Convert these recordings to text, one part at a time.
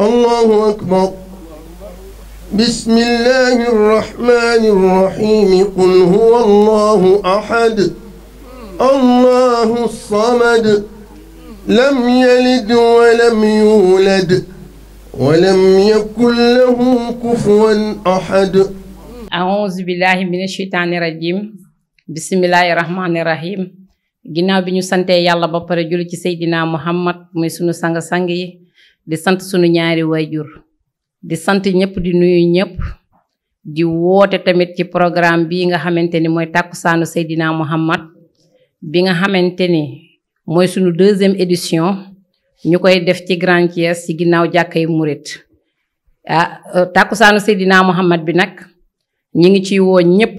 الله أكبر بسم الله الرحمن الرحيم قل هو الله أحد الله الصمد لم يلد ولم يولد ولم يكن له كفوا أحد أعوذ بالله من الشيطان الرجيم بسم الله الرحمن الرحيم ginnaaw bi ñu santee yàlla ba pare julli ci seydina muhammad muy sunu sang-sang yi di sant sunu ñaari wayjur di sant ñëpp di nuyu ñëpp di woote tamit ci programme bi nga xamante ni mooy tàkkusaanu Seydina Muhammad bi nga xamante ni mooy sunu deuxième édition ñu koy def ci Grand Thiès ci ginnaaw jàkkay murit ah euh, tàkkusaanu Seydina Muhammad bi nag ñi ngi ci woo ñëpp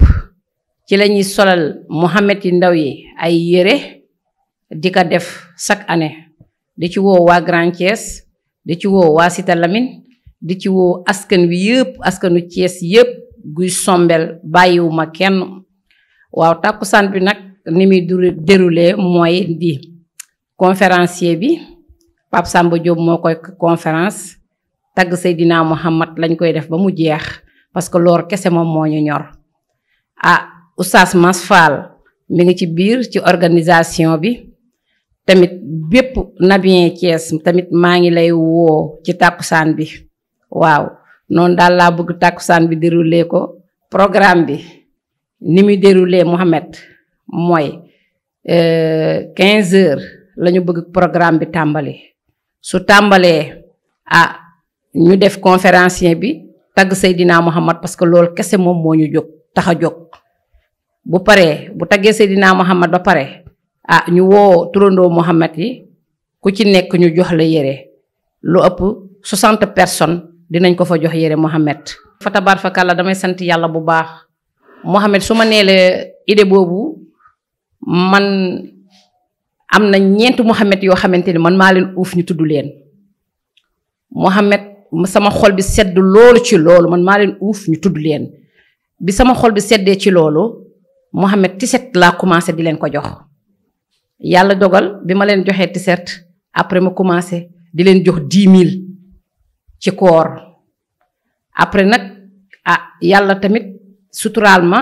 ci lañuy solal Muhammad yi ndaw yi ay yére di ko def chaque année di ci woo waa Grand Thiès di ci woo waa Cité di ci woo askan wi yëpp askanu Thiès yëpp guy sombel bàyyiwuma kenn waaw tàkkusaan bi nag ni muy déroulé mooy di conférencier bi Pape Samba Diop moo koy conférence tagg Seydina Muhammad lañ koy def ba mu jeex parce que loor kese moom moo ñu ñor ah Oustaz Mass mi ngi ci biir ci organisation bi tamit bépp nabien Thiès tamit maa ngi lay woo ci tàkkusaan bi waaw noonu daal laa bëgg tàkkusaan bi déroulé ko programme bi ni muy déroulé Mohamed mooy euh, quinze heures la ñu bëgg programme bi tàmbali su tàmbalee ah ñu def conférencier bi tagg Seydina Mohamed parce que loolu kese moom moo ñu jóg tax a jóg bu paree bu taggee Seydina Mohamed ba pare ah ñu woo turandoo Mouhamed yi ku ci nekk ñu jox la yére lu ëpp 60 personnes dinañ ko fa jox yére Mouhamed. fa tabaar fa kàlla damay sant yàlla bu baax Mouhamed su ma neelee la idée boobu man am na ñeent Mouhamed yoo xamante ni man maa leen uuf ñu tudd leen Mouhamed sama xol bi sedd loolu ci loolu man maa leen uuf ñu tudd leen bi sama xol bi seddee ci loolu ti set laa commencé di leen ko jox. yàlla dogal bi ma leen joxee t après ma commencé di leen jox dix mille ci koor après nag ah yàlla tamit suturaal ma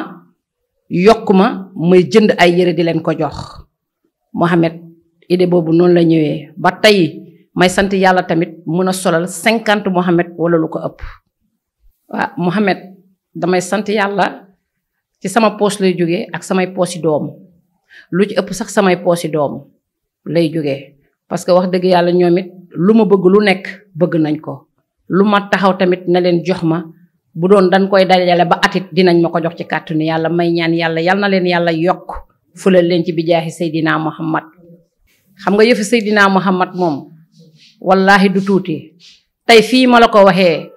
yokk ma may jënd ay yére di leen ko jox Mohamed idée boobu noonu lay ñëwee ba tey may sant yàlla tamit mun a solal cinquante Mohamed wala lu ko ëpp waaw Mohamed damay sant yàlla ci sama poos lay jóge ak samay poche yi doom lu ci ëpp sax samay poosi doom lay jógee parce que wax dëgg yàlla ñoom it lu ma bëgg lu nekk bëgg nañ ko lu ma taxaw tamit na leen jox ma bu doon dañ koy dajale ba atit dinañ ma ko jox ci kàttanu yàlla may ñaan yàlla yal na leen yàlla yokk fulal leen ci bijaahi Seydina Muhammad xam nga yëfi seydinaa Muhammad moom wallahi du tuuti tey fii ma la ko waxee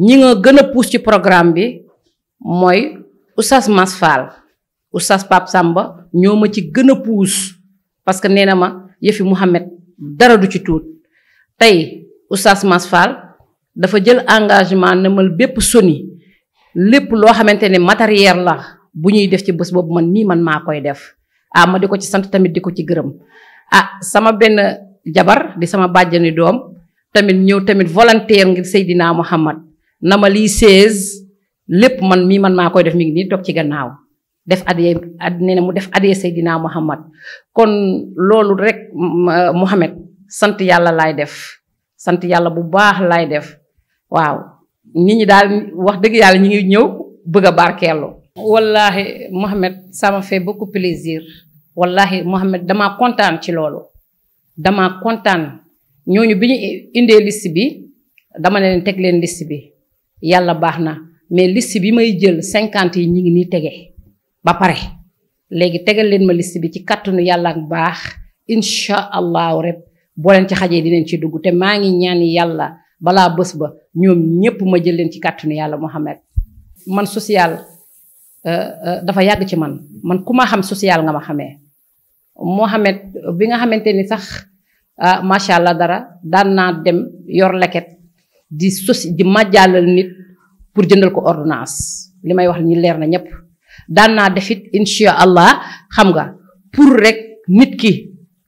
ñi nga gën a puus ci programme bi mooy Oustaz Mass Fall oustaz Pape Samba ñoo ma ci gën a puus parce que nee na ma yëfi Mouhamed dara du ci tuut tey oustaz Mass Fall dafa jël engagement ne bépp soni lépp loo xamante ne matériel la bu ñuy def ci bës boobu man mii man maa koy def ah ma di ko ci sant tamit di ko ci gërëm ah sama benn jabar di sama bàjjani doom tamit ñëw tamit volontaire ngir Seydina Mouhamad na ma lii 16 lépp man mii man maa koy def mi ngi nii toog ci gannaaw def adiyee ad nee na mu def adiyee Seydina Muhammad kon loolu rek Muhammad sant yàlla laay def sant yàlla bu baax laay def waaw ni ñi daal wax dëgg yàlla ñi ngi ñëw bëgg a barkeelu wallahi Muhammad ça m'a fait beaucoup plaisir wallahi Muhammad dama kontaan ci loolu dama kontaan ñooñu bi ñu indee liste bi dama ne leen teg leen liste bi yàlla baax na mais liste bi may jël cinquante yi ñu ngi nii tege ba pare léegi tegal leen ma liste bi ci kàttanu yàlla ak baax incha allahu rek boo leen ci xajee dinañ ci dugg te maa ngi ñaan yàlla balaa bés ba ñoom ñëpp ma jël leen ci kàttanu yàlla Mohamed. man social euh, euh, dafa yàgg ci man man ku ma xam social nga ma xamee Mohamed bi nga xamante ni sax ah, macha allah dara daan naa dem yor leket di sos di majjaalal nit pour jëndal ko ordinance li may wax ni leer na ñëpp. daan naa defit incha allah xam nga pour rek nit ki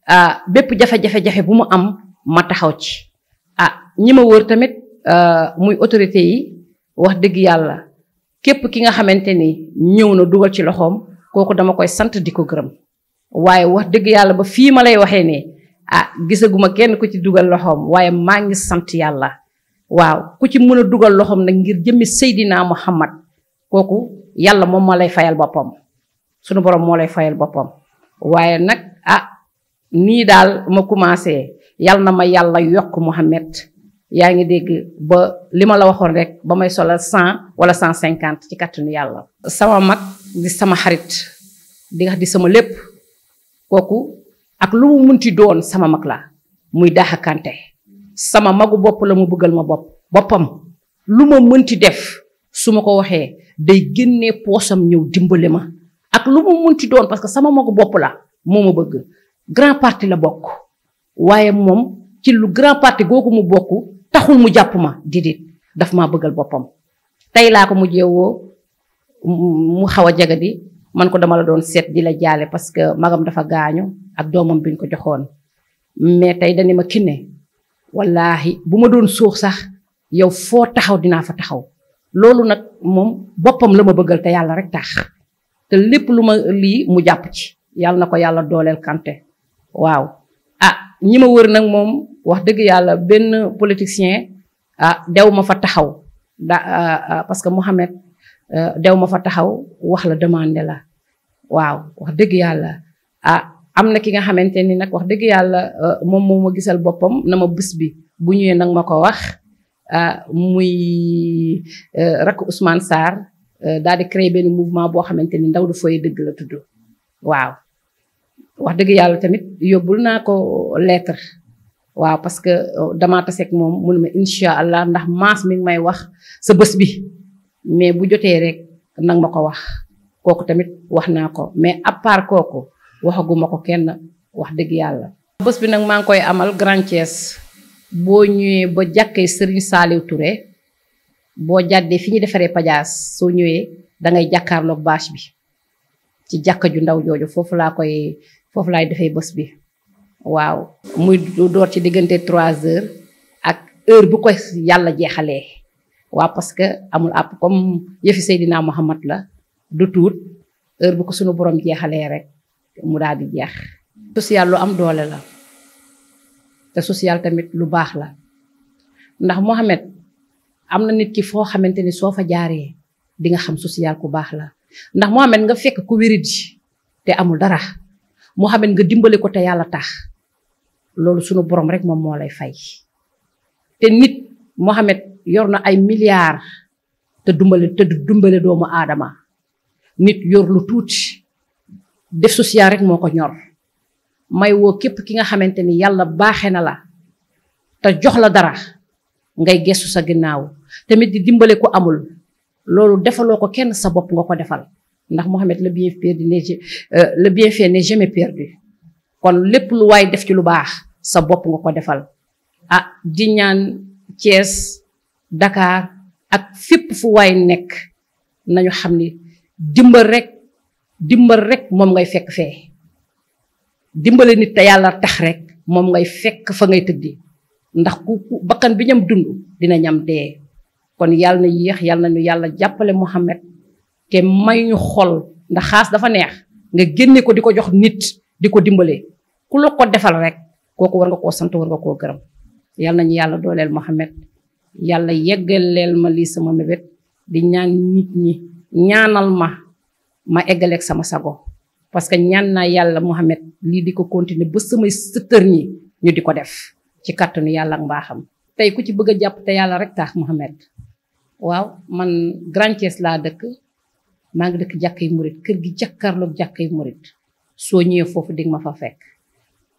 ah, bépp jafe-jafe-jafe bu mu am ma taxaw ci ah ñi ma wër tamit ah, muy autorité yi wax dëgg yàlla képp ki nga xamante ni ñëw na dugal ci loxoom kooku dama koy sant di ko gërëm waaye wax dëgg yàlla ba fii ma lay waxee ne ah gisaguma kenn ku ci dugal loxoom waaye maa ngi sant yàlla waaw ku ci mën dugal loxoom nag ngir jëmmi Seydina Muhammad kooku yàlla moom moo lay fayal boppam sunu borom moo lay fayal boppam waaye nag ah nii daal ma commencé yàlla na ma yàlla yokk Mouhamed yaa ngi dégg ba li ma la waxoon rek ba may solal cent wala cent cinquante ci kattanu yàlla. sama mag di sama xarit di di sama lépp kooku ak lu mu munti doon sama mag la muy Daha sama magu bopp la mu bëggal ma bopp boppam lu ma mënti def. su ma ko waxee day génnee poosam ñëw dimbale ma ak lu mu munti doon parce que sama magu bopp la moo ma bëgg grand parti la bokk waaye moom ci lu grand parti googu mu bokk taxul mu jàpp ma didit daf ma bëggal boppam tey laa ko mu jeewoo mu xaw a jagadi man ko dama la doon seet di la jaale parce que magam dafa gaañu ak doomam biñ ko joxoon mais tey dani ma kinne wallaahi bu ma doon suux sax yow foo taxaw dinaa fa taxaw loolu nag moom boppam la ma bëggal te yàlla rek tax te lépp lu ma lii mu jàpp ci yàlla na ko yàlla dooleel Kanté waaw ah ñi ma wër nag moom wax dëgg yàlla benn politicien ah dew ma fa taxaw da ah, ah, parce que Mouhamed euh, dew ma fa taxaw wax la demandé la waaw wax dëgg yàlla ah am na ki nga xamante ni nag wax dëgg yàlla euh, moom moo ma gisal boppam na ma bés bi bu ñëwee nag ma ko wax Euh, muy euh, rakk Ousmane Sarr euh, daal di créer benn mouvement boo xamante ni ndaw du fooy dëgg la tudd waaw wax dëgg yàlla tamit yóbbul naa ko lettre waaw parce que damaa taseeg moom mu ne ma incha allah ndax maas ming may wax sa bés bi mais bu jotee rek nang ma ko wax kooku tamit wax naa ko mais à part kooku waxaguma ko kenn wax dëgg yàlla bés bi nag maa koy amal Grand Thiès boo ñëwee ba jàkkee Serigne Saliou Touré boo jàddee fi ñu defaree pajaas soo ñëwee da ngay jàkkaarloog bâche bi ci jàkka ju ndaw jooju foofu laa koy foofu laay defee bës bi waaw muy door ci diggante trois heures ak heure bu ko yàlla jeexalee waaw parce que amul àpp comme yëfi Seydina Muhammad la du tuut heure bu ko sunu borom jeexalee rek mu daal di jeex social lu am doole la te social tamit lu baax la ndax Mohamed am na nit ki foo xamante ni soo fa jaaree dinga xam social ku baax la ndax Mohamed nga fekk ku wérit te amul dara Mohamed nga dimbali ko te yàlla tax loolu sunu borom rek moom moo lay fay te nit Mohamed yor na ay milliards te dumbale te dumbale doomu aadama nit yor lu tuuti def social rek moo ko ñor may woo képp ki nga xamante ni yàlla baaxe na la te jox la dara ngay gëstu sa ginnaaw tamit di dimbale ko amul loolu defaloo ko kenn sa bopp nga ko defal ndax Mohamed le bien perdu n'est euh, le bienfait n'est jamais perdu kon lépp lu waay def ci lu baax sa bopp nga ko defal ah di ñaan Thiès Dakar ak fépp fu waay nekk nañu xam ni dimbal rek dimbal rek moom ngay fekk fe dimbale nit te yàlla tax rek moom ngay fekk fa ngay tëddi ndax ku bakkan bi ñam dund dina ñam dee kon yàlla na yéex yàlla na ñu yàlla jàppale Mouhamed te may ñu xol ndax xaas dafa neex nga génne ko di ko jox nit di ko dimbale ku la ko defal rek kooku war nga koo sant war nga koo gërëm yàlla nañu yàlla dooleel Mouhamed yàlla yeggaleel ma lii sama mébét di ñaan nit ñi ñaanal ma ma eggaleeg sama sago parce que ñaan naa yàlla Mouhamed lii di ko continuer ba samay sëtër ñi ñu di ko def ci kàttanu yàlla ak mbaaxam tey ku ci bëgg a jàpp te yàlla rek tax Mouhamed waaw man Grand Thiès laa dëkk maa ngi dëkk jàkkay murit kër gi jàkkaarloog jàkkay murit soo ñëwee foofu di ma fa fekk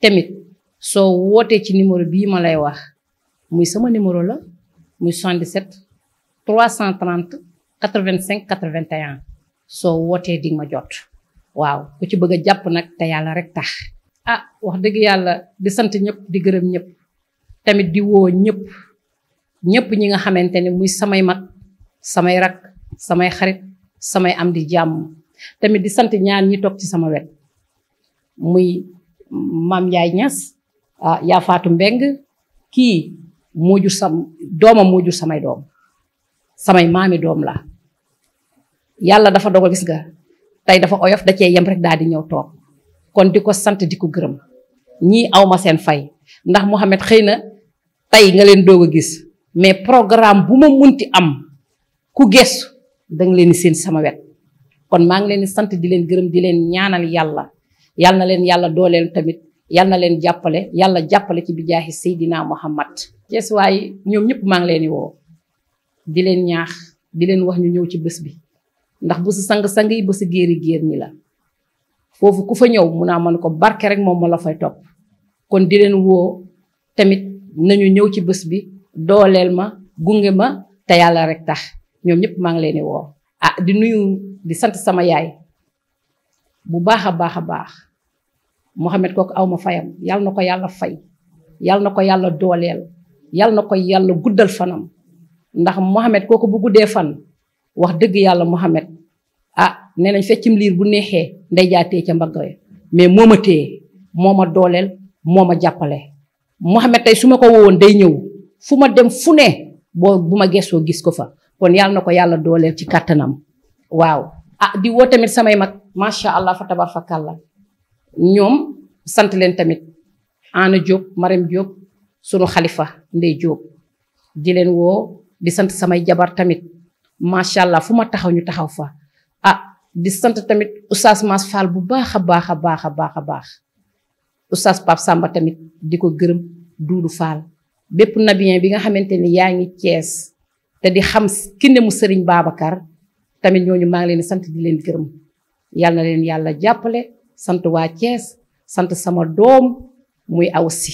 tamit soo wootee ci numéro bii ma lay wax muy sama numéro la muy 77 330 85 81 soo wootee di nga ma jot waaw ku ci bëgg a jàpp nag te yàlla rek tax ah wax dëgg yàlla di sant ñëpp di gërëm ñëpp tamit di woo ñëpp ñëpp ñi nga xamante ne muy samay mag samay rak samay xarit samay am di jàmm tamit di sant ñaan ñi toog ci sama wet muy maam Njaay Ñas ah yaa Faatu Mbeng kii moo jur sam samay doom samay maami doom la yàlla dafa dogal gis nga tey dafa oyof da cee yem rek daal di ñëw toog kon di ko sant di ko gërëm ñii aw ma seen fay ndax Mouhamed xëy na tey nga leen doog a gis mais programme bu ma munti am ku gestu danga leen seen sama wet kon maa ngi leen di sant di leen gërëm di leen ñaanal yàlla yàlla na leen yàlla dooleel tamit yàlla na leen jàppale yàlla jàppale ci bijaahi Seydina Mouhamad Cees waaye ñoom ñëpp maa ngi leen di woo di leen ñaax di leen wax ñu ñëw ci bés bi ndax bu si sang-sang yi ba si géeri la foofu ku fa ñëw mun naa mën ko barke rek moom ma la fay topp kon di leen woo tamit nañu ñëw ci bés bi dooleel ma gunge ma te yàlla rek tax ñoom ñëpp maa ngi leen di woo ah di nuyu di sant sama yaay bu baax a baax a baax Mouhamed kooku aw ma fayam yàlla na ko yàlla fay yàlla na ko yàlla dooleel yàlla na ko yàlla guddal fanam ndax Mouhamed kooku bu guddee fan wax dëgg yàlla Mouhamed nee nañ feccum liir bu neexee ndey jaatee ca mbagg mais moo ma téye moo ma dooleel moo ma jàppale Mouhamed tey su ma ko woowoon day ñëw fu ma dem fu ne boo bu ma gëstoo gis ko fa kon yàlla na ko yàlla dooleel ci kàttanam waaw ah di woo tamit samay mag macha allah fa tabar fa kàlla ñoom sant leen tamit Ana Diop Marème Diop sunu xalifa nday Diop di leen woo di sant samay jabar tamit macha allah fu ma taxaw ñu taxaw fa ah, di sant tamit oustaz Mass Fall bu baax a baax a baax a baax a baax oustaz Samba tamit di ko gërëm Duudu Fall bépp nabien bi nga xamante ni yaa ngi Cees te di xam kinne mu Sëriñ Babacar tamit ñooñu maa ngi leen sant di leen gërëm yàlla na leen yàlla jàppale sant waa Cees sant sama doom muy aw si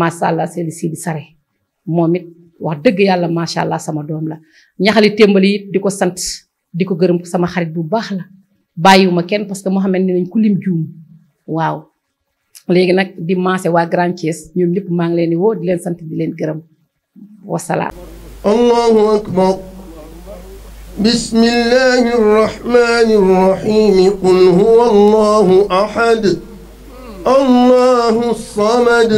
macha allah si di sare moom wax dëgg yàlla macha allah sama doom la ñaxali témbali it di ko sant di ko gërëm sama xarit bu baax la bàyyi wu ma kenn parce que Mouhamed ne nañ ku lim juum waaw léegi nag di maase waa Grand Thiès ñoom lépp maa ngi leen di woo di leen sant di leen gërëm wasalaam allahu akbar bismillahi rrahmani rrahimi qul huwa allahu ahad allahu samad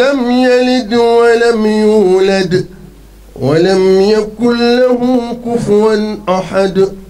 lam yalid wa lam ولم يكن له كفوا أحد